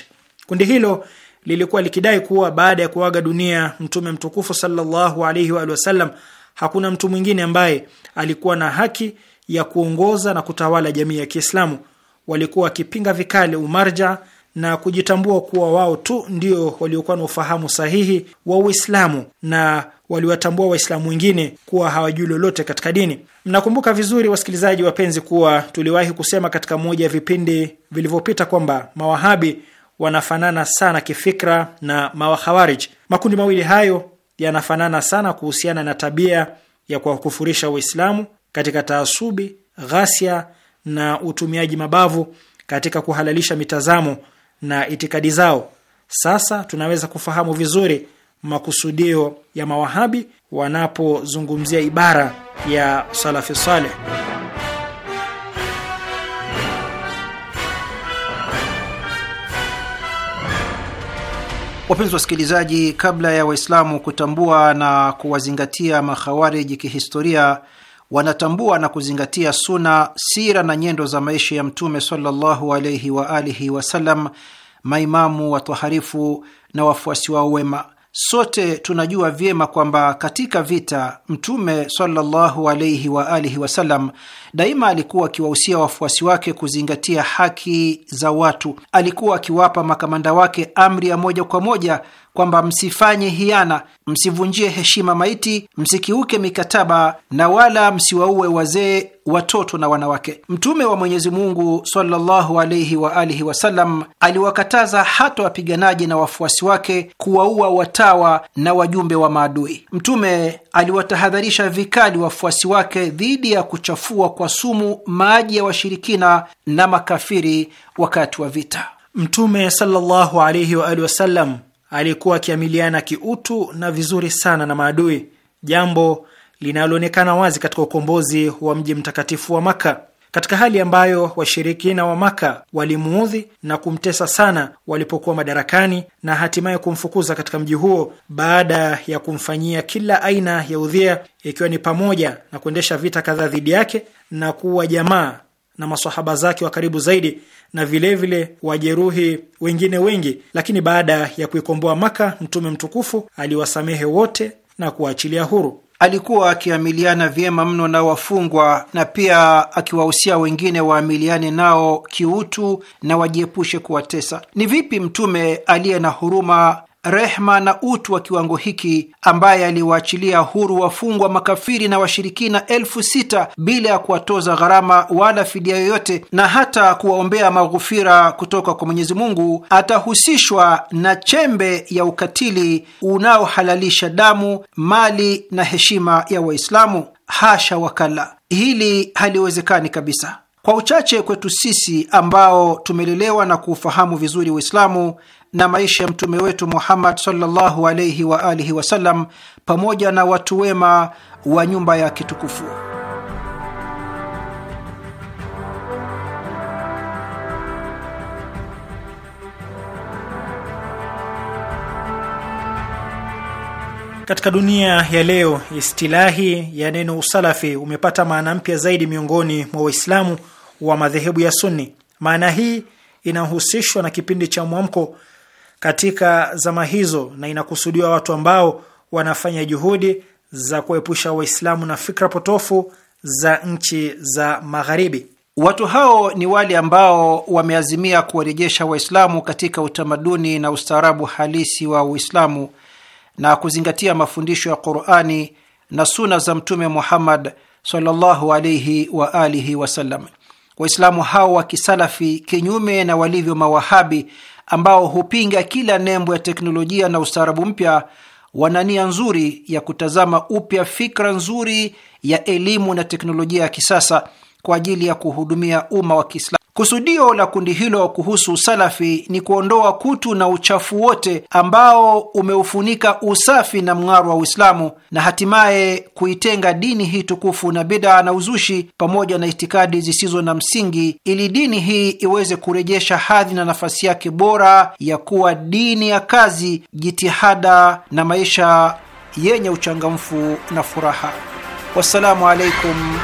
Kundi hilo lilikuwa likidai kuwa baada ya kuaga dunia Mtume mtukufu sallallahu alaihi wa sallam, hakuna mtu mwingine ambaye alikuwa na haki ya kuongoza na kutawala jamii ya Kiislamu. Walikuwa wakipinga vikali umarja na kujitambua kuwa wao tu ndio waliokuwa na ufahamu sahihi wa Uislamu na waliwatambua Waislamu wengine kuwa hawajui lolote katika dini. Mnakumbuka vizuri, wasikilizaji wapenzi, kuwa tuliwahi kusema katika moja ya vipindi vilivyopita kwamba mawahabi wanafanana sana kifikra na mawakhawarij. Makundi mawili hayo yanafanana sana kuhusiana na tabia ya kuwakufurisha Waislamu katika taasubi, ghasia na utumiaji mabavu katika kuhalalisha mitazamo na itikadi zao. Sasa tunaweza kufahamu vizuri makusudio ya mawahabi wanapozungumzia ibara ya salafi saleh. Wapenzi wasikilizaji, kabla ya Waislamu kutambua na kuwazingatia makhawariji kihistoria wanatambua na kuzingatia suna, sira na nyendo za maisha ya Mtume sallallahu alaihi wa alihi wasallam, maimamu watoharifu na wafuasi wao wema. Sote tunajua vyema kwamba katika vita Mtume sallallahu alaihi wa alihi wasallam daima alikuwa akiwahusia wafuasi wake kuzingatia haki za watu. Alikuwa akiwapa makamanda wake amri ya moja kwa moja kwamba msifanye hiana, msivunjie heshima maiti, msikiuke mikataba na wala msiwaue wazee, watoto na wanawake. Mtume wa Mwenyezi Mungu sallallahu wa alihi wasallam aliwakataza hata wapiganaji na wafuasi wake kuwaua watawa na wajumbe wa maadui. Mtume aliwatahadharisha vikali wafuasi wake dhidi ya kuchafua kwa sumu maji ya washirikina na makafiri wakati wa vita. Mtume sallallahu alaihi wa alihi wasallam alikuwa akiamiliana kiutu na vizuri sana na maadui, jambo linaloonekana wazi katika ukombozi wa mji mtakatifu wa Maka, katika hali ambayo washirikina wa Maka walimuudhi na kumtesa sana walipokuwa madarakani na hatimaye kumfukuza katika mji huo baada ya kumfanyia kila aina ya udhia, ikiwa ni pamoja na kuendesha vita kadhaa dhidi yake na kuwa jamaa na masahaba zake wa karibu zaidi na vilevile vile wajeruhi wengine wengi, lakini baada ya kuikomboa Maka, mtume mtukufu aliwasamehe wote na kuwaachilia huru. Alikuwa akiamiliana vyema mno na wafungwa na pia akiwahusia wengine waamiliane nao kiutu na wajiepushe kuwatesa. Ni vipi mtume aliye na huruma rehma na utu wa kiwango hiki ambaye aliwaachilia huru wafungwa makafiri na washirikina elfu sita bila ya kuwatoza gharama wala fidia yoyote na hata kuwaombea maghufira kutoka kwa Mwenyezi Mungu, atahusishwa na chembe ya ukatili unaohalalisha damu, mali na heshima ya Waislamu. Hasha wakala, hili haliwezekani kabisa. Kwa uchache kwetu sisi ambao tumelelewa na kuufahamu vizuri Uislamu, na maisha ya mtume wetu Muhammad sallallahu alayhi wa alihi wasallam pamoja na watu wema wa nyumba ya kitukufu. Katika dunia ya leo, istilahi ya neno usalafi umepata maana mpya zaidi miongoni mwa Waislamu wa madhehebu ya Sunni. Maana hii inahusishwa na kipindi cha mwamko katika zama hizo, na inakusudiwa watu ambao wanafanya juhudi za kuepusha Waislamu na fikra potofu za nchi za Magharibi. Watu hao ni wale ambao wameazimia kuwarejesha Waislamu katika utamaduni na ustaarabu halisi wa Uislamu na kuzingatia mafundisho ya Qurani na suna za Mtume Muhammad sallallahu alaihi wa alihi wasallam. Waislamu hao wa kisalafi, kinyume na walivyo mawahabi, ambao hupinga kila nembo ya teknolojia na ustaarabu mpya wana nia nzuri ya kutazama upya fikra nzuri ya elimu na teknolojia ya kisasa kwa ajili ya kuhudumia umma wa Kiislamu. Kusudio la kundi hilo kuhusu Salafi ni kuondoa kutu na uchafu wote ambao umeufunika usafi na mng'aro wa Uislamu na hatimaye kuitenga dini hii tukufu na bidaa na uzushi pamoja na itikadi zisizo na msingi, ili dini hii iweze kurejesha hadhi na nafasi yake bora ya kuwa dini ya kazi, jitihada na maisha yenye uchangamfu na furaha. Wassalamu alaikum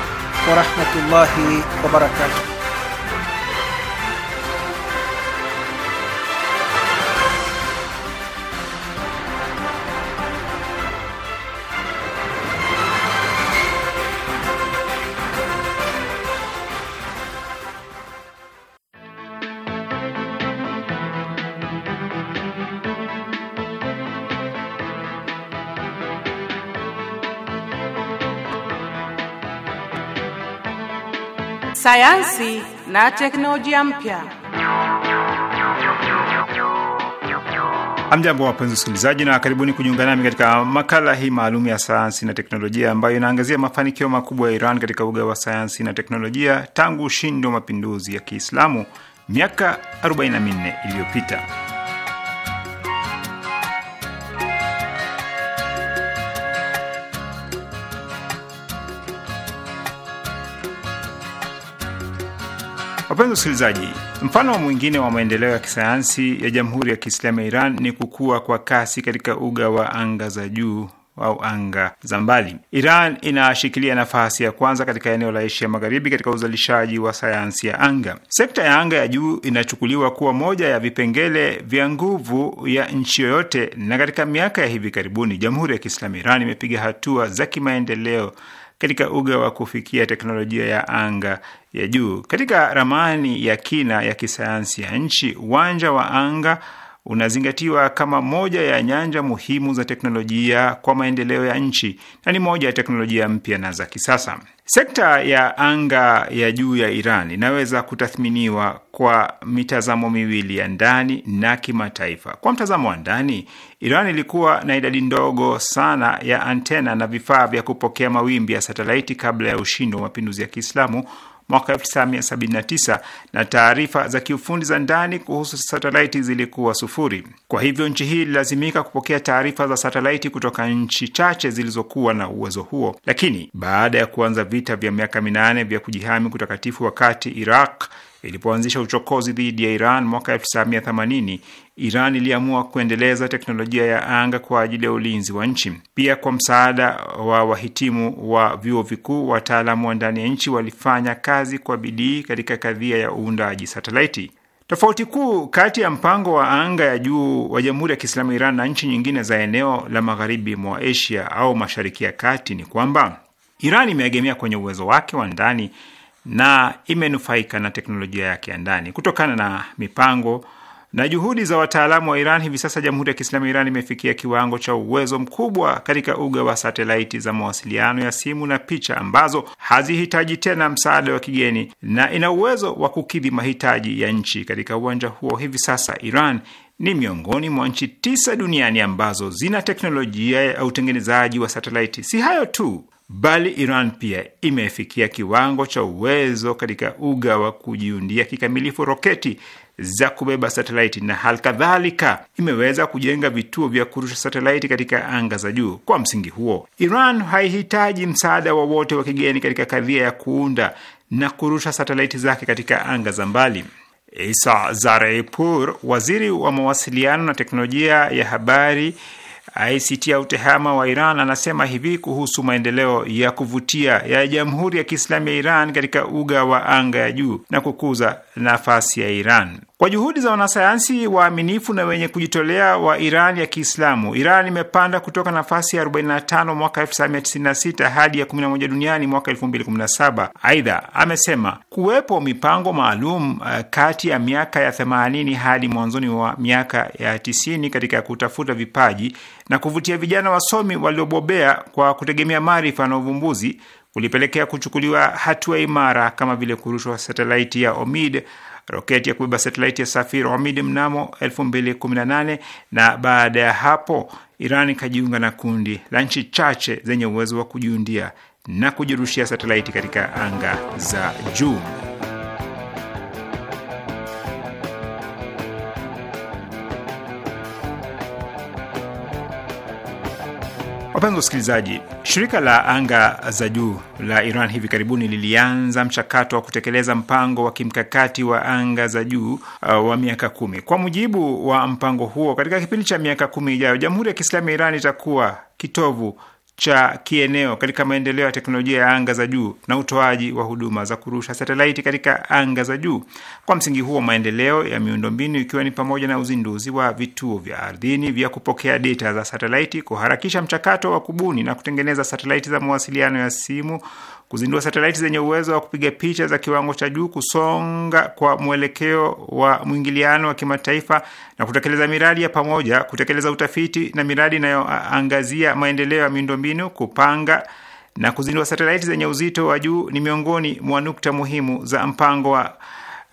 warahmatullahi wabarakatuh. sayansi na teknolojia mpya. Hamjambo wapenzi wasikilizaji, na karibuni kujiunga nami katika makala hii maalum ya sayansi na teknolojia ambayo inaangazia mafanikio makubwa ya Iran katika uga wa sayansi na teknolojia tangu ushindi wa mapinduzi ya Kiislamu miaka 44 iliyopita. Wapenzi wasikilizaji, mfano mwingine wa maendeleo ya kisayansi ya Jamhuri ya Kiislamu ya Iran ni kukua kwa kasi katika uga wa anga za juu au anga za mbali. Iran inashikilia nafasi ya kwanza katika eneo la Asia Magharibi katika uzalishaji wa sayansi ya anga. Sekta ya anga ya juu inachukuliwa kuwa moja ya vipengele vya nguvu ya nchi yoyote, na katika miaka ya hivi karibuni Jamhuri ya Kiislamu Iran imepiga hatua za kimaendeleo katika uga wa kufikia teknolojia ya anga ya juu. Katika ramani ya kina ya kisayansi ya nchi, uwanja wa anga unazingatiwa kama moja ya nyanja muhimu za teknolojia kwa maendeleo ya nchi na ni moja ya teknolojia mpya na za kisasa. Sekta ya anga ya juu ya Iran inaweza kutathminiwa kwa mitazamo miwili ya ndani na kimataifa. Kwa mtazamo wa ndani, Iran ilikuwa na idadi ndogo sana ya antena na vifaa vya kupokea mawimbi ya satelaiti kabla ya ushindi wa mapinduzi ya Kiislamu mwaka 1979 na taarifa za kiufundi za ndani kuhusu satelaiti zilikuwa sufuri. Kwa hivyo nchi hii ililazimika kupokea taarifa za satelaiti kutoka nchi chache zilizokuwa na uwezo huo. Lakini baada ya kuanza vita vya miaka minane vya kujihami kutakatifu, wakati Iraq ilipoanzisha uchokozi dhidi ya Iran mwaka Iran iliamua kuendeleza teknolojia ya anga kwa ajili ya ulinzi wa nchi. Pia kwa msaada wa wahitimu wa vyuo vikuu, wataalamu wa ndani ya nchi walifanya kazi kwa bidii katika kadhia ya uundaji satelaiti. Tofauti kuu kati ya mpango wa anga ya juu wa Jamhuri ya Kiislamu Iran na nchi nyingine za eneo la magharibi mwa Asia au Mashariki ya Kati ni kwamba Iran imeegemea kwenye uwezo wake wa ndani na imenufaika na teknolojia yake ya ndani kutokana na mipango na juhudi za wataalamu wa Iran, hivi sasa Jamhuri ya Kiislamu ya Iran imefikia kiwango cha uwezo mkubwa katika uga wa satelaiti za mawasiliano ya simu na picha ambazo hazihitaji tena msaada wa kigeni na ina uwezo wa kukidhi mahitaji ya nchi katika uwanja huo. Hivi sasa Iran ni miongoni mwa nchi tisa duniani ambazo zina teknolojia ya utengenezaji wa satelaiti. Si hayo tu, bali Iran pia imefikia kiwango cha uwezo katika uga wa kujiundia kikamilifu roketi za kubeba satelaiti na hali kadhalika imeweza kujenga vituo vya kurusha satelaiti katika anga za juu. Kwa msingi huo, Iran haihitaji msaada wowote wa, wa kigeni katika kadhia ya kuunda na kurusha satelaiti zake katika anga za mbali. Isa Zarepour, waziri wa mawasiliano na teknolojia ya habari ICT au TEHAMA wa Iran anasema hivi kuhusu maendeleo ya kuvutia ya Jamhuri ya Kiislamu ya Iran katika uga wa anga ya juu na kukuza nafasi ya Iran. Kwa juhudi za wanasayansi waaminifu na wenye kujitolea wa Iran ya Kiislamu, Iran imepanda kutoka nafasi ya 45 mwaka 1996 hadi ya 11 duniani mwaka 2017. Aidha, amesema kuwepo mipango maalum eh, kati ya miaka ya 80 hadi mwanzoni wa miaka ya 90 katika kutafuta vipaji na kuvutia vijana wasomi waliobobea kwa kutegemea maarifa na uvumbuzi kulipelekea kuchukuliwa hatua imara kama vile kurushwa satelaiti ya Omid roketi ya kubeba satelaiti ya Safir Omidi mnamo 2018 na baada ya hapo Iran ikajiunga na kundi la nchi chache zenye uwezo wa kujiundia na kujirushia satelaiti katika anga za juu. Wapenzi wasikilizaji, shirika la anga za juu la Iran hivi karibuni lilianza mchakato wa kutekeleza mpango wa kimkakati wa anga za juu uh, wa miaka kumi. Kwa mujibu wa mpango huo, katika kipindi cha miaka kumi ijayo, Jamhuri ya Kiislamu ya Iran itakuwa kitovu cha kieneo katika maendeleo ya teknolojia ya anga za juu na utoaji wa huduma za kurusha satelaiti katika anga za juu. Kwa msingi huo, maendeleo ya miundombinu ikiwa ni pamoja na uzinduzi wa vituo vya ardhini vya kupokea data za satelaiti, kuharakisha mchakato wa kubuni na kutengeneza satelaiti za mawasiliano ya simu kuzindua satelaiti zenye uwezo wa kupiga picha za kiwango cha juu, kusonga kwa mwelekeo wa mwingiliano wa kimataifa na kutekeleza miradi ya pamoja, kutekeleza utafiti na miradi inayoangazia maendeleo ya miundombinu, kupanga na kuzindua satelaiti zenye uzito wa juu ni miongoni mwa nukta muhimu za mpango wa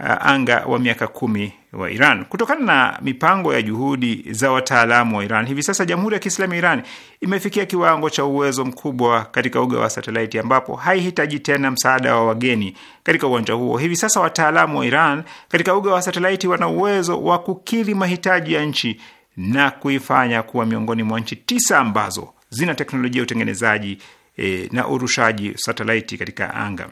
uh, anga wa miaka kumi wa Iran. Kutokana na mipango ya juhudi za wataalamu wa Iran, hivi sasa Jamhuri ya Kiislamu ya Iran imefikia kiwango cha uwezo mkubwa katika uga wa satelaiti, ambapo haihitaji tena msaada wa wageni katika uwanja huo. Hivi sasa wataalamu wa Iran katika uga wa satelaiti wana uwezo wa kukidhi mahitaji ya nchi na kuifanya kuwa miongoni mwa nchi tisa ambazo zina teknolojia ya utengenezaji e, na urushaji satelaiti katika anga.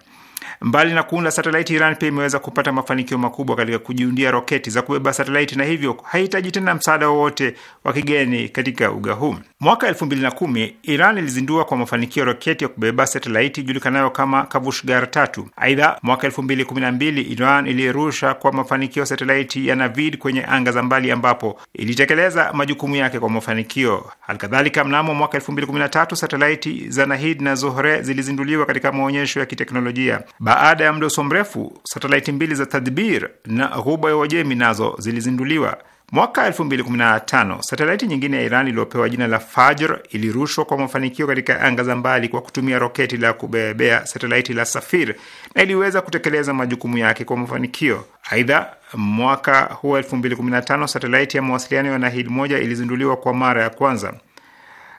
Mbali na kuunda satelaiti, Iran pia imeweza kupata mafanikio makubwa katika kujiundia roketi za kubeba satelaiti na hivyo haihitaji tena msaada wowote wa kigeni katika uga huu. Mwaka elfu mbili na kumi Iran ilizindua kwa mafanikio roketi ya kubeba satelaiti ijulikanayo kama Kavushgar tatu. Aidha, mwaka elfu mbili kumi na mbili Iran ilirusha kwa mafanikio satelaiti ya Navid kwenye anga za mbali, ambapo ilitekeleza majukumu yake kwa mafanikio. Alkadhalika, mnamo mwaka 2013 satelaiti za Nahid na Zohre zilizinduliwa katika maonyesho ya kiteknolojia. Baada ya mdoso mrefu, satelaiti mbili za Tadbir na Ghuba ya Uajemi nazo zilizinduliwa. Mwaka 2015 satelaiti nyingine ya Iran iliyopewa jina la Fajr ilirushwa kwa mafanikio katika anga za mbali kwa kutumia roketi la kubebea satelaiti la Safir na iliweza kutekeleza majukumu yake kwa mafanikio. Aidha, mwaka huo 2015 satelaiti ya mawasiliano ya Nahid moja ilizinduliwa kwa mara ya kwanza.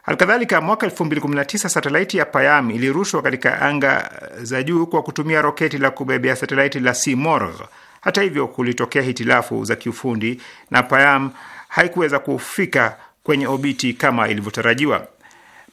Halikadhalika, mwaka 2019 satelaiti ya Payam ilirushwa katika anga za juu kwa kutumia roketi la kubebea satelaiti la Simorgh hata hivyo, kulitokea hitilafu za kiufundi na Payam haikuweza kufika kwenye obiti kama ilivyotarajiwa.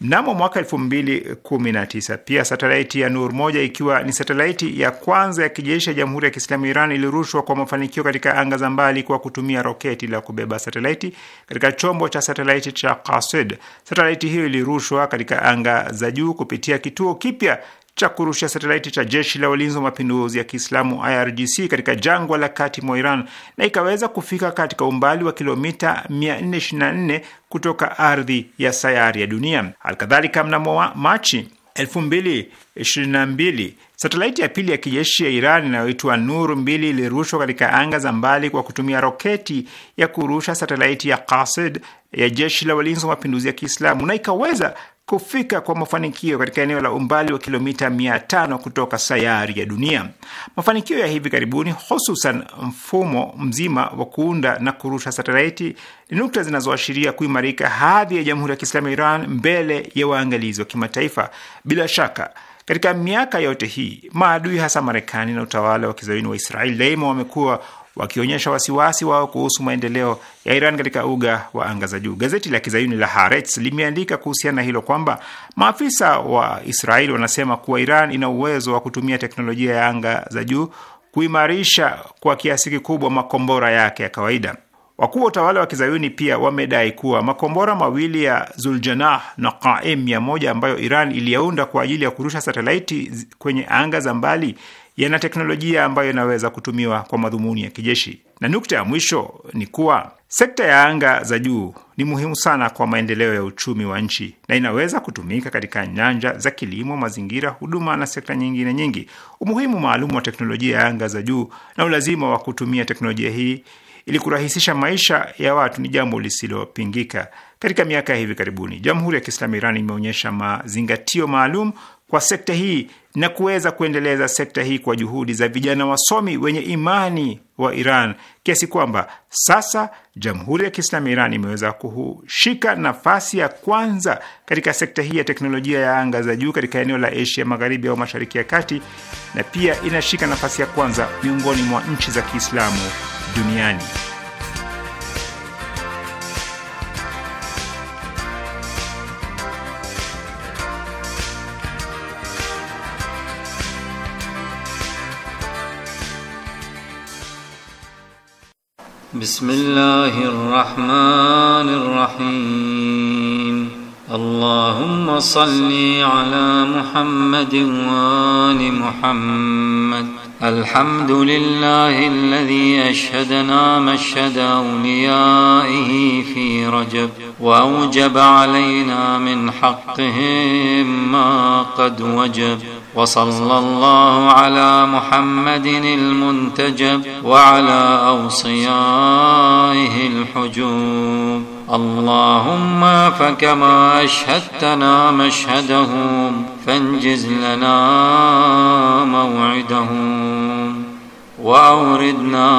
Mnamo mwaka 2019 pia satelaiti ya Nur moja ikiwa ni satelaiti ya kwanza ya kijeshi ya Jamhuri ya Kiislamu Iran ilirushwa kwa mafanikio katika anga za mbali kwa kutumia roketi la kubeba satelaiti katika chombo cha satelaiti cha Qasid. Satelaiti hiyo ilirushwa katika anga za juu kupitia kituo kipya cha kurusha satelaiti cha jeshi la walinzi wa mapinduzi ya Kiislamu IRGC katika jangwa la kati mwa Iran na ikaweza kufika katika umbali wa kilomita 424 kutoka ardhi ya sayari ya dunia. Alkadhalika, mnamo Machi 2022 satelaiti ya pili ya kijeshi ya Iran inayoitwa Nur mbili ilirushwa katika anga za mbali kwa kutumia roketi ya kurusha satelaiti ya Qasid ya jeshi la walinzi wa mapinduzi ya Kiislamu na ikaweza kufika kwa mafanikio katika eneo la umbali wa kilomita 500 kutoka sayari ya dunia. Mafanikio ya hivi karibuni, hususan mfumo mzima wa kuunda na kurusha satelaiti, ni nukta zinazoashiria kuimarika hadhi ya Jamhuri ya Kiislamu ya Iran mbele ya waangalizi wa kimataifa. Bila shaka katika miaka yote hii maadui hasa Marekani na utawala wa kizayuni wa Israeli daima wamekuwa wakionyesha wasiwasi wao kuhusu maendeleo ya Iran katika uga wa anga za juu. Gazeti la kizayuni la Haaretz limeandika kuhusiana na hilo kwamba maafisa wa Israeli wanasema kuwa Iran ina uwezo wa kutumia teknolojia ya anga za juu kuimarisha kwa kiasi kikubwa makombora yake ya kawaida. Wakuu wa utawala wa kizayuni pia wamedai kuwa makombora mawili ya Zuljanah na Qaem mia moja ambayo Iran iliyaunda kwa ajili ya kurusha satelaiti kwenye anga za mbali yana teknolojia ambayo inaweza kutumiwa kwa madhumuni ya kijeshi. Na nukta ya mwisho ni kuwa sekta ya anga za juu ni muhimu sana kwa maendeleo ya uchumi wa nchi na inaweza kutumika katika nyanja za kilimo, mazingira, huduma na sekta nyingine nyingi. Umuhimu maalum wa teknolojia ya anga za juu na ulazima wa kutumia teknolojia hii ili kurahisisha maisha ya watu ni jambo lisilopingika. Katika miaka ya hivi karibuni, Jamhuri ya Kiislamu Iran imeonyesha mazingatio maalum kwa sekta hii na kuweza kuendeleza sekta hii kwa juhudi za vijana wasomi wenye imani wa Iran kiasi kwamba sasa Jamhuri ya Kiislamu ya Iran imeweza kushika nafasi ya kwanza katika sekta hii ya teknolojia ya anga za juu katika eneo la Asia Magharibi au Mashariki ya Kati, na pia inashika nafasi ya kwanza miongoni mwa nchi za Kiislamu duniani. بسم الله الرحمن الرحيم اللهم صل على محمد وآل محمد الحمد لله الذي أشهدنا مشهد أوليائه في رجب وأوجب علينا من حقهم ما قد وجب وصلى الله على محمد المنتجب وعلى أوصيائه الحجوب اللهم فكما أشهدتنا مشهدهم فانجز لنا موعدهم وأوردنا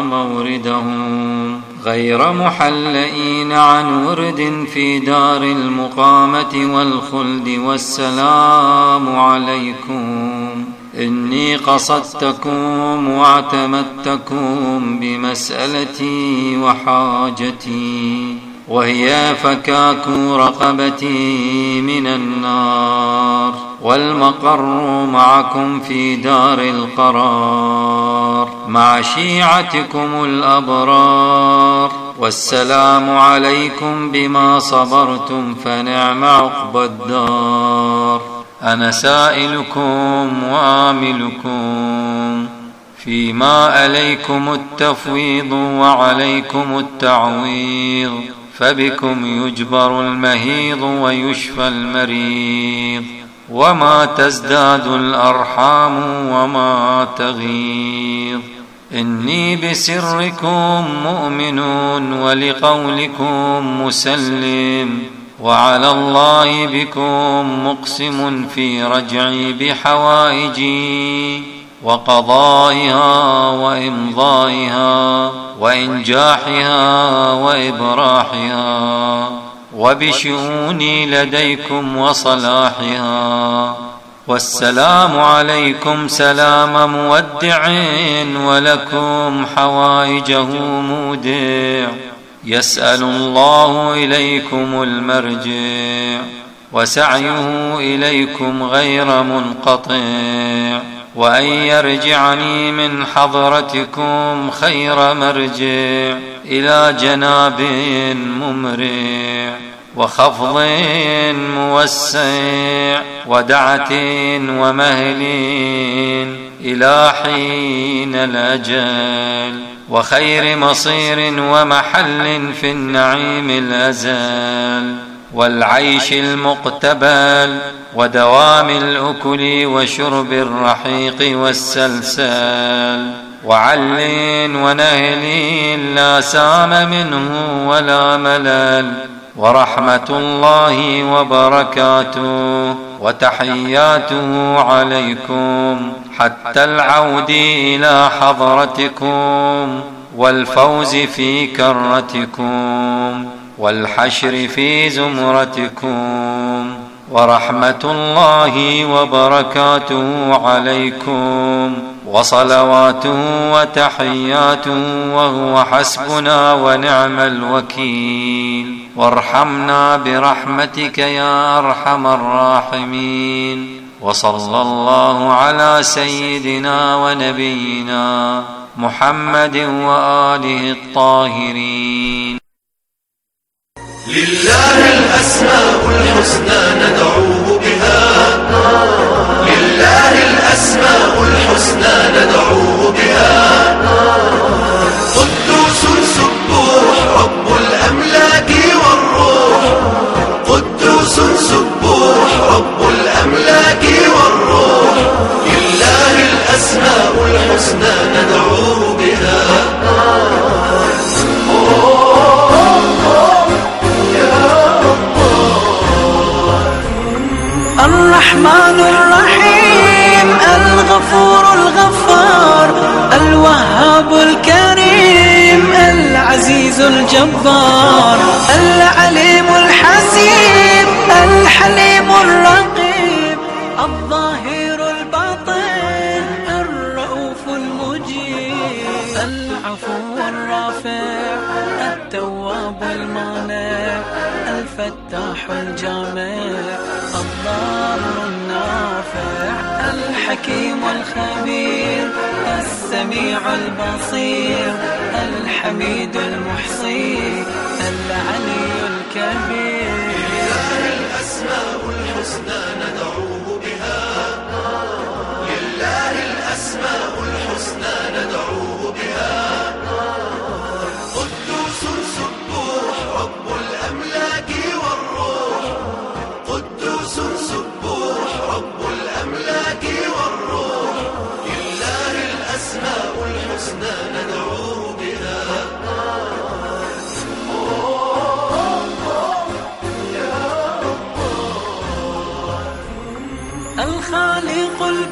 موردهم غير محلئين عن ورد في دار المقامة والخلد والسلام عليكم إني قصدتكم واعتمدتكم بمسألتي وحاجتي وهي فكاك رقبتي من النار والمقر معكم في دار القرار مع شيعتكم الأبرار والسلام عليكم بما صبرتم فنعم عقبى الدار أنا سائلكم وآملكم فيما عليكم التفويض وعليكم التعويض فبكم يجبر المهيض ويشفى المريض وما تزداد الأرحام وما تغيظ إني بسركم مؤمن ولقولكم مسلم وعلى الله بكم مقسم في رجعي بحوائجي وقضائها وإمضائها وإنجاحها وإبراحها وبشؤوني لديكم وصلاحها والسلام عليكم سلام مودع ولكم حوائجه مودع يسأل الله إليكم المرجع وسعيه إليكم غير منقطع وأن يرجعني من حضرتكم خير مرجع إلى جناب ممرع وخفض موسع ودعة ومهل إلى حين الأجل وخير مصير ومحل في النعيم الأزل والعيش المقتبل ودوام الأكل وشرب الرحيق والسلسال وعل ونهل لا سام منه ولا ملل ورحمة الله وبركاته وتحياته عليكم حتى العود إلى حضرتكم والفوز في كرتكم والحشر في زمرتكم ورحمة الله وبركاته عليكم وصلوات وتحيات وهو حسبنا ونعم الوكيل وارحمنا برحمتك يا أرحم الراحمين وصلى الله على سيدنا ونبينا محمد وآله الطاهرين لله الأسماء الحسنى ندعوه بها لله الأسماء الحسنى الحسنى ندعوه بها الجبار العليم الحسيب الحليم الرقيب الظاهر الباطن الرؤوف المجيب العفو الرافع التواب المانع الفتاح الجامع الضار النافع الحكيم الخبير السميع البصير الحميد المحصي العلي الكبير لله الأسماء الحسنى ندعوه بها لله الأسماء الحسنى ندعوه بها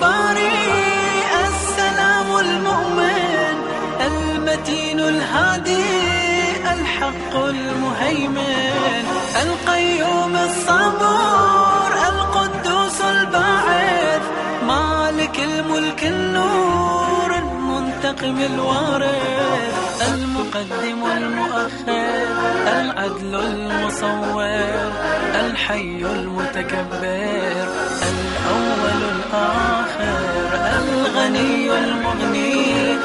البارئ السلام المؤمن المتين الهادي الحق المهيمن القيوم الصبور القدوس الباعث مالك الملك النور المنتقم الوارث المقدم المؤخر العدل المصور الحي المتكبر الأول الآخر الغني المغني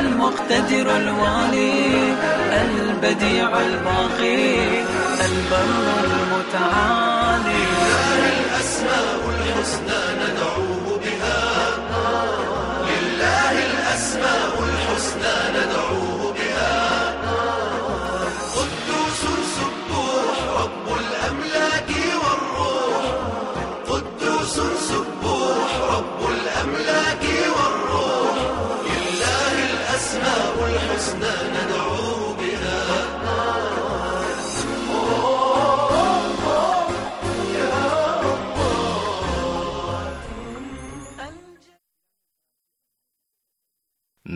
المقتدر الوالي البديع الباقي البر المتعالي لك الأسماء الحسنى ندعو